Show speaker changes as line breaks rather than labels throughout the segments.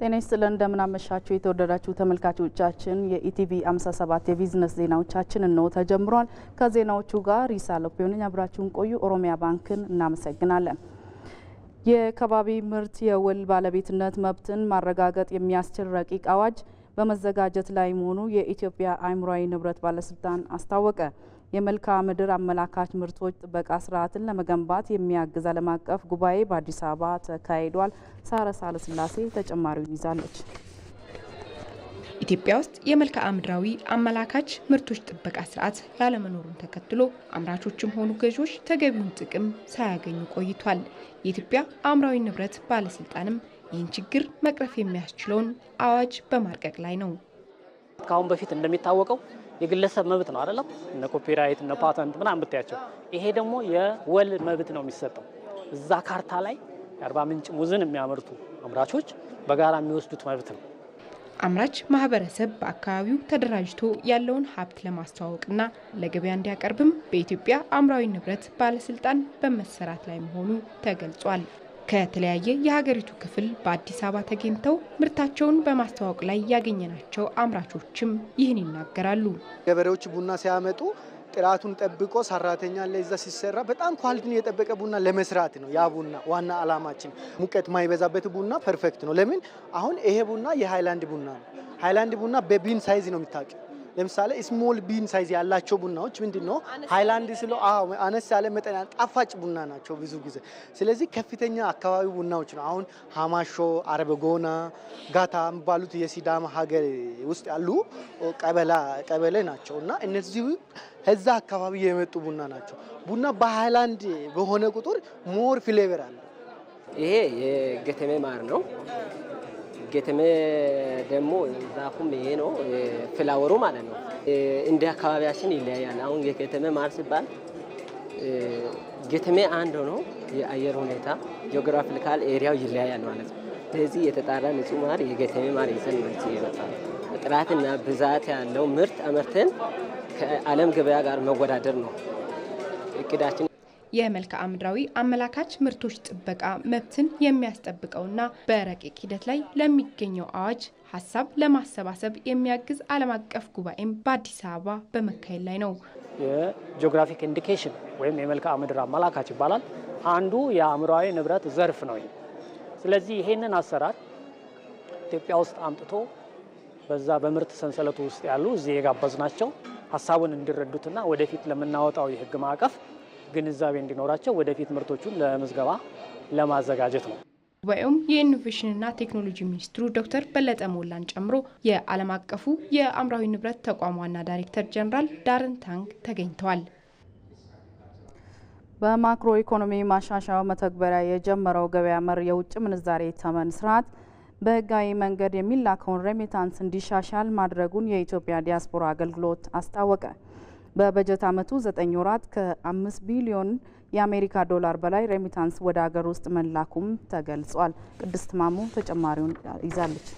ጤና ይስጥልን እንደምናመሻችሁ የተወደዳችሁ ተመልካቾቻችን፣ የኢቲቪ 57 የቢዝነስ ዜናዎቻችን እነሆ ተጀምሯል። ከዜናዎቹ ጋር ይሳ ሎፒዮንኝ አብራችሁን ቆዩ። ኦሮሚያ ባንክን እናመሰግናለን። የከባቢ ምርት የውል ባለቤትነት መብትን ማረጋገጥ የሚያስችል ረቂቅ አዋጅ በመዘጋጀት ላይ መሆኑ የኢትዮጵያ አእምሯዊ ንብረት ባለስልጣን አስታወቀ። የመልክዓ ምድር አመላካች ምርቶች ጥበቃ ስርዓትን ለመገንባት የሚያግዝ ዓለም አቀፍ ጉባኤ በአዲስ አበባ ተካሂዷል። ሳረ ሳለስላሴ ተጨማሪውን ይዛለች።
ኢትዮጵያ ውስጥ የመልክዓ ምድራዊ አመላካች ምርቶች ጥበቃ ስርዓት ያለመኖሩን ተከትሎ አምራቾችም ሆኑ ገዢዎች ተገቢውን ጥቅም ሳያገኙ ቆይቷል። የኢትዮጵያ አእምሯዊ ንብረት ባለስልጣንም ይህን ችግር መቅረፍ የሚያስችለውን አዋጅ በማርቀቅ ላይ ነው።
ከአሁን በፊት እንደሚታወቀው የግለሰብ መብት ነው አይደለም፣ እነ ኮፒራይት እነ ፓተንት ምናምን ብታያቸው። ይሄ ደግሞ የወል መብት ነው የሚሰጠው እዛ ካርታ ላይ የአርባ ምንጭ ሙዝን የሚያመርቱ አምራቾች በጋራ የሚወስዱት መብት ነው።
አምራች ማህበረሰብ በአካባቢው ተደራጅቶ ያለውን ሀብት ለማስተዋወቅና ለገበያ እንዲያቀርብም በኢትዮጵያ አእምሯዊ ንብረት ባለስልጣን በመሰራት ላይ መሆኑ ተገልጿል። ከተለያየ የሀገሪቱ ክፍል በአዲስ አበባ ተገኝተው ምርታቸውን በማስተዋወቅ ላይ ያገኘናቸው አምራቾችም ይህን ይናገራሉ።
ገበሬዎች ቡና ሲያመጡ ጥራቱን ጠብቆ ሰራተኛ ለዛ ሲሰራ በጣም ኳሊቲን የጠበቀ ቡና ለመስራት ነው። ያ ቡና ዋና አላማችን ሙቀት ማይበዛበት ቡና ፐርፌክት ነው። ለምን አሁን ይሄ ቡና የሃይላንድ ቡና ነው። ሃይላንድ ቡና በቢን ሳይዝ ነው የሚታወቀው ለምሳሌ ስሞል ቢን ሳይዝ ያላቸው ቡናዎች ምንድን ነው ሃይላንድ ስለ አነስ ያለ መጠን ጣፋጭ ቡና ናቸው ብዙ ጊዜ። ስለዚህ ከፍተኛ አካባቢ ቡናዎች ነው። አሁን ሀማሾ፣ አረበጎና፣ ጋታ የሚባሉት የሲዳማ ሀገር ውስጥ ያሉ ቀበሌ ናቸው እና እነዚህ እዛ አካባቢ የመጡ ቡና ናቸው። ቡና በሃይላንድ በሆነ ቁጥር ሞር ፍሌቨር አለ።
ይሄ የገተሜ ማር ነው። ጌተመ ደግሞ ዛፉም ይሄ ነው ፍላወሩ ማለት ነው። እንደ አካባቢያችን ይለያያል። አሁን የጌተመ ማር ሲባል ጌተመ አንድ ነው። የአየር ሁኔታ ጂኦግራፊካል ኤሪያው ይለያያል ማለት ነው። ስለዚህ የተጣራ ንጹህ ማር የጌተመ ማር ይዘን ነው ይመጣል። ጥራትና ብዛት ያለው ምርት አመርተን ከዓለም ገበያ ጋር መወዳደር ነው እቅዳችን።
የመልክዓ ምድራዊ አመላካች ምርቶች ጥበቃ መብትን የሚያስጠብቀውና በረቂቅ ሂደት ላይ ለሚገኘው አዋጅ ሀሳብ ለማሰባሰብ የሚያግዝ ዓለም አቀፍ ጉባኤም በአዲስ አበባ በመካሄድ ላይ ነው።
የጂኦግራፊክ ኢንዲኬሽን ወይም የመልክዓ ምድር አመላካች ይባላል። አንዱ የአእምሯዊ ንብረት ዘርፍ ነው። ስለዚህ ይሄንን አሰራር ኢትዮጵያ ውስጥ አምጥቶ በዛ በምርት ሰንሰለቱ ውስጥ ያሉ እዚህ የጋበዝ ናቸው ሀሳቡን እንዲረዱትና ወደፊት ለምናወጣው የህግ ማዕቀፍ ግንዛቤ እንዲኖራቸው ወደፊት ምርቶቹን ለምዝገባ ለማዘጋጀት ነው።
ጉባኤውም የኢኖቬሽንና ቴክኖሎጂ ሚኒስትሩ ዶክተር በለጠ ሞላን ጨምሮ የዓለም አቀፉ የአእምሯዊ ንብረት ተቋም ዋና ዳይሬክተር ጀኔራል ዳርን ታንግ ተገኝተዋል።
በማክሮ ኢኮኖሚ ማሻሻያው መተግበሪያ የጀመረው ገበያ መር የውጭ ምንዛሬ ተመን ስርዓት በህጋዊ መንገድ የሚላከውን ሬሚታንስ እንዲሻሻል ማድረጉን የኢትዮጵያ ዲያስፖራ አገልግሎት አስታወቀ። በበጀት ዓመቱ ዘጠኝ ወራት ከ5 ቢሊዮን የአሜሪካ ዶላር በላይ ሬሚታንስ ወደ ሀገር ውስጥ መላኩም ተገልጿል። ቅድስት ማሙ ተጨማሪውን ይዛለች።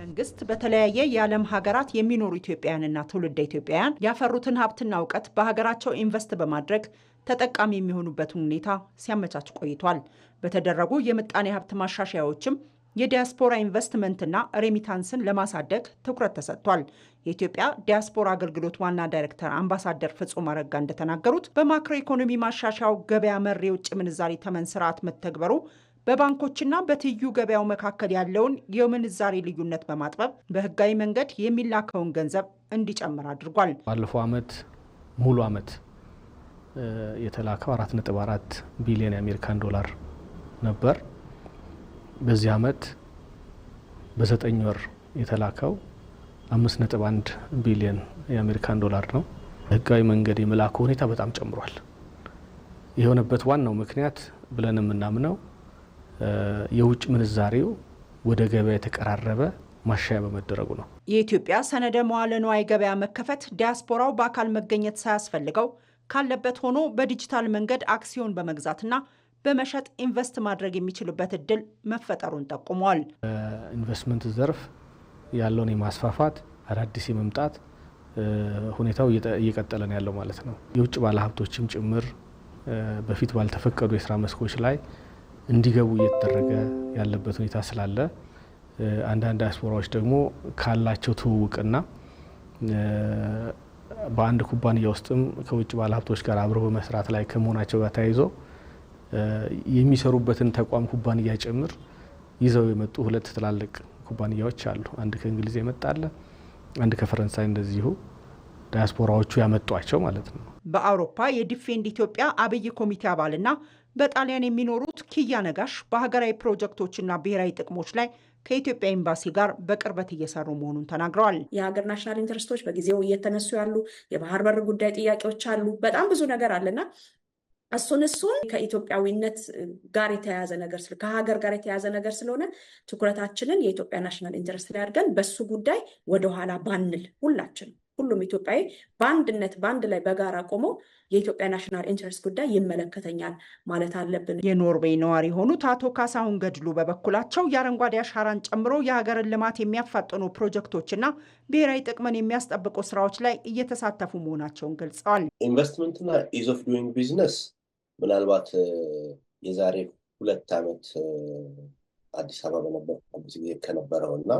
መንግስት በተለያየ የዓለም ሀገራት የሚኖሩ ኢትዮጵያውያንና ትውልደ ኢትዮጵያውያን ያፈሩትን ሀብትና እውቀት በሀገራቸው ኢንቨስት በማድረግ ተጠቃሚ የሚሆኑበትን ሁኔታ ሲያመቻች ቆይቷል። በተደረጉ የምጣኔ ሀብት ማሻሻያዎችም የዲያስፖራ ኢንቨስትመንትና ሬሚታንስን ለማሳደግ ትኩረት ተሰጥቷል። የኢትዮጵያ ዲያስፖራ አገልግሎት ዋና ዳይሬክተር አምባሳደር ፍጹም አረጋ እንደተናገሩት በማክሮ ኢኮኖሚ ማሻሻያው ገበያ መር የውጭ ምንዛሪ ተመን ስርዓት መተግበሩ በባንኮችና በትዩ ገበያው መካከል ያለውን የምንዛሬ ልዩነት በማጥበብ በህጋዊ መንገድ የሚላከውን ገንዘብ እንዲጨምር አድርጓል።
ባለፈው ዓመት ሙሉ ዓመት የተላከው 4.4 ቢሊዮን የአሜሪካን ዶላር ነበር። በዚህ አመት በዘጠኝ ወር የተላከው አምስት ነጥብ አንድ ቢሊዮን የአሜሪካን ዶላር ነው። ህጋዊ መንገድ የመላኩ ሁኔታ በጣም ጨምሯል። የሆነበት ዋናው ምክንያት ብለን የምናምነው የውጭ ምንዛሬው ወደ ገበያ የተቀራረበ ማሻያ በመደረጉ ነው።
የኢትዮጵያ ሰነደ መዋለ ንዋይ ገበያ መከፈት ዲያስፖራው በአካል መገኘት ሳያስፈልገው ካለበት ሆኖ በዲጂታል መንገድ አክሲዮን በመግዛትና በመሸጥ ኢንቨስት ማድረግ የሚችሉበት እድል መፈጠሩን ጠቁሟል።
ኢንቨስትመንት ዘርፍ ያለውን የማስፋፋት አዳዲስ የመምጣት ሁኔታው እየቀጠለ ነው ያለው ማለት ነው። የውጭ ባለሀብቶችም ጭምር በፊት ባልተፈቀዱ የስራ መስኮች ላይ እንዲገቡ እየተደረገ ያለበት ሁኔታ ስላለ አንዳንድ ዲያስፖራዎች ደግሞ ካላቸው ትውውቅና በአንድ ኩባንያ ውስጥም ከውጭ ባለሀብቶች ጋር አብረው በመስራት ላይ ከመሆናቸው ጋር ተያይዘው። የሚሰሩበትን ተቋም ኩባንያ ጭምር ይዘው የመጡ ሁለት ትላልቅ ኩባንያዎች አሉ። አንድ ከእንግሊዝ የመጣለ አንድ ከፈረንሳይ እንደዚሁ ዳያስፖራዎቹ ያመጧቸው ማለት ነው።
በአውሮፓ የዲፌንድ ኢትዮጵያ አብይ ኮሚቴ አባልና በጣሊያን የሚኖሩት ኪያ ነጋሽ በሀገራዊ ፕሮጀክቶችና ብሔራዊ ጥቅሞች ላይ ከኢትዮጵያ ኤምባሲ ጋር በቅርበት እየሰሩ መሆኑን ተናግረዋል።
የሀገር ናሽናል ኢንተረስቶች በጊዜው እየተነሱ ያሉ የባህር በር ጉዳይ ጥያቄዎች አሉ። በጣም ብዙ ነገር አለና እሱን እሱን ከኢትዮጵያዊነት ጋር የተያያዘ ነገር ከሀገር ጋር የተያያዘ ነገር ስለሆነ ትኩረታችንን የኢትዮጵያ ናሽናል ኢንተረስት ላይ አድርገን በሱ ጉዳይ ወደኋላ ባንል ሁላችን ሁሉም ኢትዮጵያዊ በአንድነት በአንድ ላይ በጋራ ቆሞ የኢትዮጵያ ናሽናል ኢንትረስት ጉዳይ ይመለከተኛል ማለት አለብን።
የኖርዌይ ነዋሪ የሆኑት አቶ ካሳሁን ገድሉ በበኩላቸው የአረንጓዴ አሻራን ጨምሮ የሀገርን ልማት የሚያፋጥኑ ፕሮጀክቶችና ብሔራዊ ጥቅምን የሚያስጠብቁ ስራዎች ላይ እየተሳተፉ መሆናቸውን ገልጸዋል።
ኢንቨስትመንትና ኢዝ ኦፍ ዱይንግ ቢዝነስ ምናልባት የዛሬ ሁለት ዓመት አዲስ አበባ በነበርኩበት ጊዜ ከነበረው እና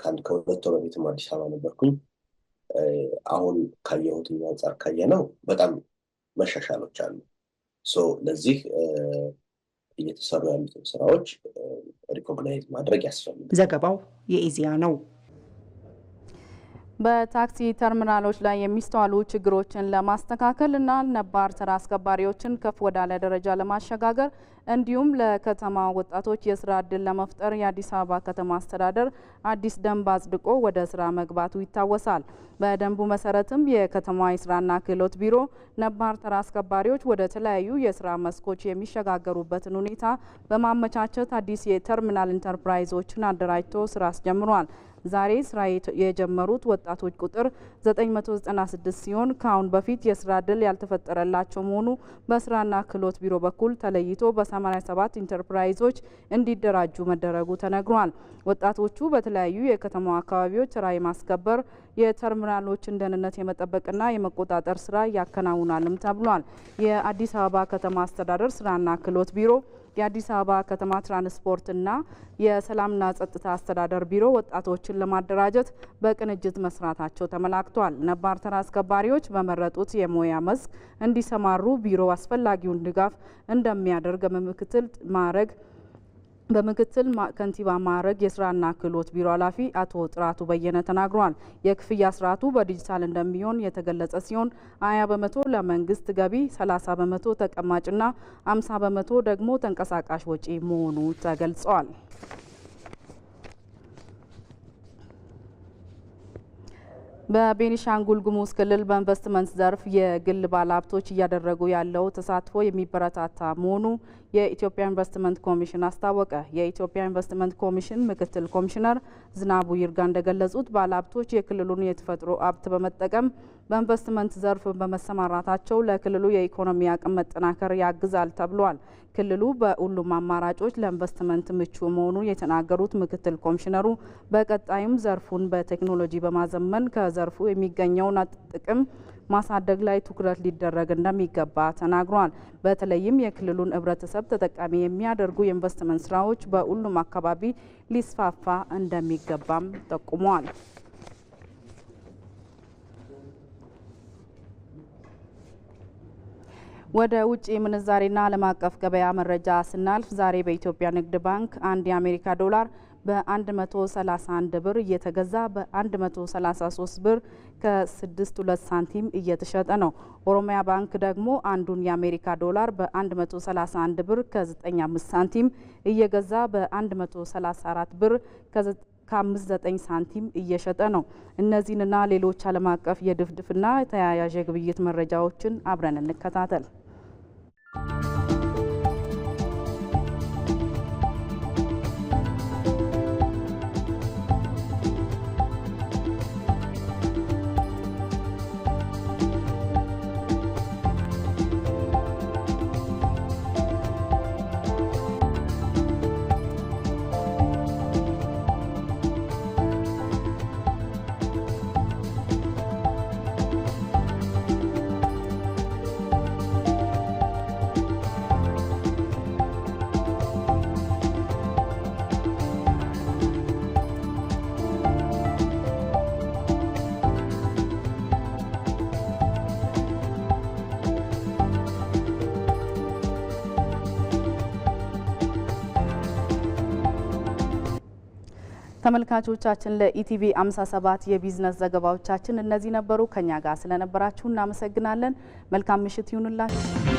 ከአንድ ከሁለት ወር በፊትም አዲስ አበባ ነበርኩኝ። አሁን ካየሁት አንጻር ካየ ነው በጣም መሻሻሎች አሉ። ለዚህ እየተሰሩ ያሉትን ስራዎች ሪኮግናይዝ ማድረግ ያስፈልጋል።
ዘገባው የኢዚያ ነው።
በታክሲ ተርሚናሎች ላይ የሚስተዋሉ ችግሮችን ለማስተካከል እና ነባር ተራ አስከባሪዎችን ከፍ ወዳለ ደረጃ ለማሸጋገር እንዲሁም ለከተማ ወጣቶች የስራ እድል ለመፍጠር የአዲስ አበባ ከተማ አስተዳደር አዲስ ደንብ አጽድቆ ወደ ስራ መግባቱ ይታወሳል። በደንቡ መሰረትም የከተማ የስራና ክህሎት ቢሮ ነባር ተራ አስከባሪዎች ወደ ተለያዩ የስራ መስኮች የሚሸጋገሩበትን ሁኔታ በማመቻቸት አዲስ የተርሚናል ኢንተርፕራይዞችን አደራጅቶ ስራ አስጀምሯል። ዛሬ ስራ የጀመሩት ወጣቶች ቁጥር 996 ሲሆን ከአሁን በፊት የስራ እድል ያልተፈጠረላቸው መሆኑ በስራና ክህሎት ቢሮ በኩል ተለይቶ በ87 ኢንተርፕራይዞች እንዲደራጁ መደረጉ ተነግሯል። ወጣቶቹ በተለያዩ የከተማ አካባቢዎች ስራ የማስከበር የተርሚናሎችን ደህንነት የመጠበቅና የመቆጣጠር ስራ ያከናውናልም ተብሏል። የአዲስ አበባ ከተማ አስተዳደር ስራና ክህሎት ቢሮ የአዲስ አበባ ከተማ ትራንስፖርትና የሰላምና ጸጥታ አስተዳደር ቢሮ ወጣቶችን ለማደራጀት በቅንጅት መስራታቸው ተመላክቷል። ነባር ተራ አስከባሪዎች በመረጡት የሙያ መስክ እንዲሰማሩ ቢሮ አስፈላጊውን ድጋፍ እንደሚያደርግ በምክትል ማዕረግ በምክትል ከንቲባ ማዕረግ የስራና ክህሎት ቢሮ ኃላፊ አቶ ጥራቱ በየነ ተናግረዋል። የክፍያ ስርዓቱ በዲጂታል እንደሚሆን የተገለጸ ሲሆን ሀያ በመቶ ለመንግስት ገቢ፣ ሰላሳ በመቶ ተቀማጭና አምሳ በመቶ ደግሞ ተንቀሳቃሽ ወጪ መሆኑ ተገልጸዋል። በቤኒሻንጉል ጉሙዝ ክልል በኢንቨስትመንት ዘርፍ የግል ባለሀብቶች እያደረጉ ያለው ተሳትፎ የሚበረታታ መሆኑ የኢትዮጵያ ኢንቨስትመንት ኮሚሽን አስታወቀ። የኢትዮጵያ ኢንቨስትመንት ኮሚሽን ምክትል ኮሚሽነር ዝናቡ ይርጋ እንደገለጹት ባለሀብቶች የክልሉን የተፈጥሮ ሀብት በመጠቀም በኢንቨስትመንት ዘርፍ በመሰማራታቸው ለክልሉ የኢኮኖሚ አቅም መጠናከር ያግዛል ተብሏል። ክልሉ በሁሉም አማራጮች ለኢንቨስትመንት ምቹ መሆኑን የተናገሩት ምክትል ኮሚሽነሩ በቀጣይም ዘርፉን በቴክኖሎጂ በማዘመን ከዘርፉ የሚገኘውን ጥቅም ማሳደግ ላይ ትኩረት ሊደረግ እንደሚገባ ተናግሯል። በተለይም የክልሉን ህብረተሰብ ተጠቃሚ የሚያደርጉ የኢንቨስትመንት ስራዎች በሁሉም አካባቢ ሊስፋፋ እንደሚገባም ጠቁመዋል። ወደ ውጭ ምንዛሬና ዓለም አቀፍ ገበያ መረጃ ስናልፍ ዛሬ በኢትዮጵያ ንግድ ባንክ አንድ የአሜሪካ ዶላር በ131 ብር እየተገዛ በ133 ብር ከ62 ሳንቲም እየተሸጠ ነው። ኦሮሚያ ባንክ ደግሞ አንዱን የአሜሪካ ዶላር በ131 ብር ከ95 ሳንቲም እየገዛ በ134 ብር ከ59 ሳንቲም እየሸጠ ነው። እነዚህንና ሌሎች ዓለም አቀፍ የድፍድፍና ተያያዥ የግብይት መረጃዎችን አብረን እንከታተል። ተመልካቾቻችን ለኢቲቪ 57 የቢዝነስ ዘገባዎቻችን እነዚህ ነበሩ። ከኛ ጋር ስለነበራችሁ እናመሰግናለን። መልካም ምሽት ይሁንላችሁ።